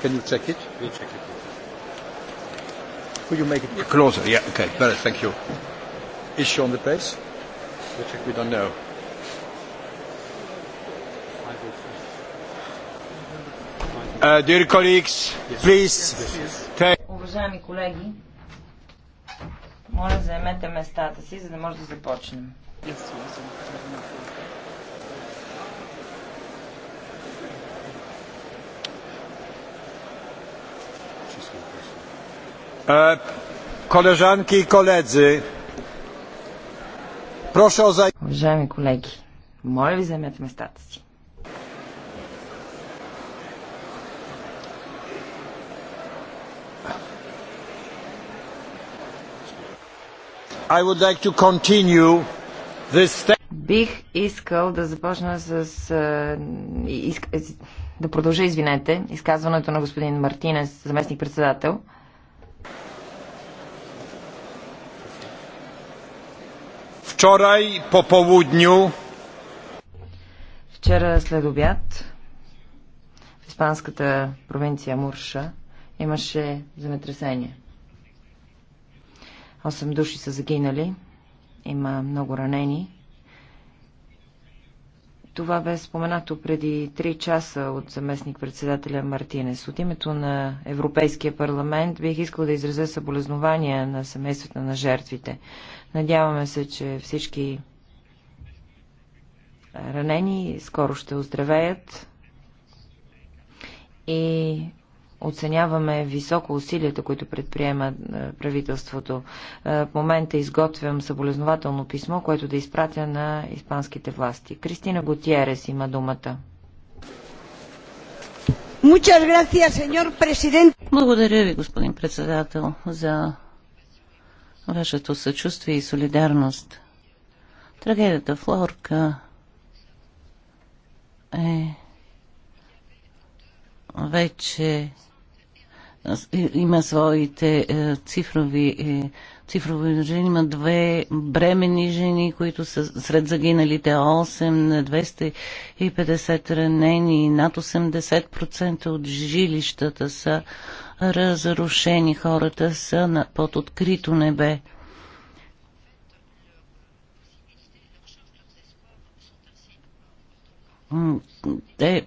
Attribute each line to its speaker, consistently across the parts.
Speaker 1: Can you check it? We check it. Could you make it closer? Yeah, okay. Better, thank you. Is she on the pace? We check. We don't know. Uh, dear colleagues, please take... Уважаеми колеги, моля заемете местата си, за да може да започнем. Yes, yes, yes. E, koleżanki i koledzy, proszę o Уважаеми колеги, моля ви заемете местата си. I would like to continue this... Бих искал да започна с... Е, да продължа, извинете, изказването на господин Мартинес, заместник-председател. Wczoraj po południu Вчера след обяд в испанската провинция Мурша имаше земетресение. Осем души са загинали, има много ранени. Това бе споменато преди 3 часа от заместник-председателя Мартинес. От името на Европейския парламент бих искал да изразя съболезнования на семействата на жертвите. Надяваме се, че всички ранени скоро ще оздравеят и Оценяваме високо усилията, които предприема е, правителството. Е, в момента изготвям съболезнователно писмо, което да изпратя на испанските власти. Кристина Готиерес има думата.
Speaker 2: Благодаря ви, господин председател, за вашето съчувствие и солидарност. Трагедията в Лорка е вече има своите е, цифрови е, цифрови жени. Има две бремени жени, които са сред загиналите 8, 250 ранени и над 80% от жилищата са разрушени. Хората са под открито небе. Те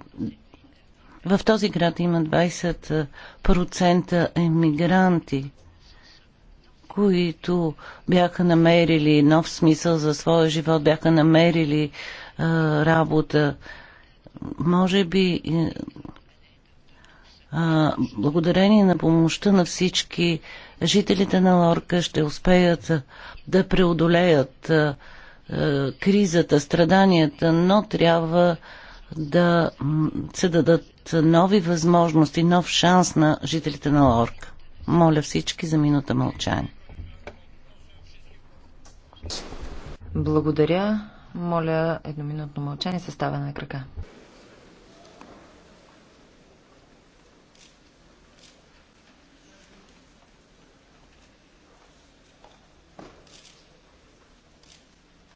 Speaker 2: в този град има 20% емигранти, които бяха намерили нов смисъл за своя живот, бяха намерили а, работа. Може би е, а, благодарение на помощта на всички, жителите на Лорка ще успеят да преодолеят а, а, кризата, страданията, но трябва да се дадат нови възможности, нов шанс на жителите на Лорка. Моля всички за минута мълчание. Благодаря.
Speaker 1: Моля едноминутно мълчание съставя на крака.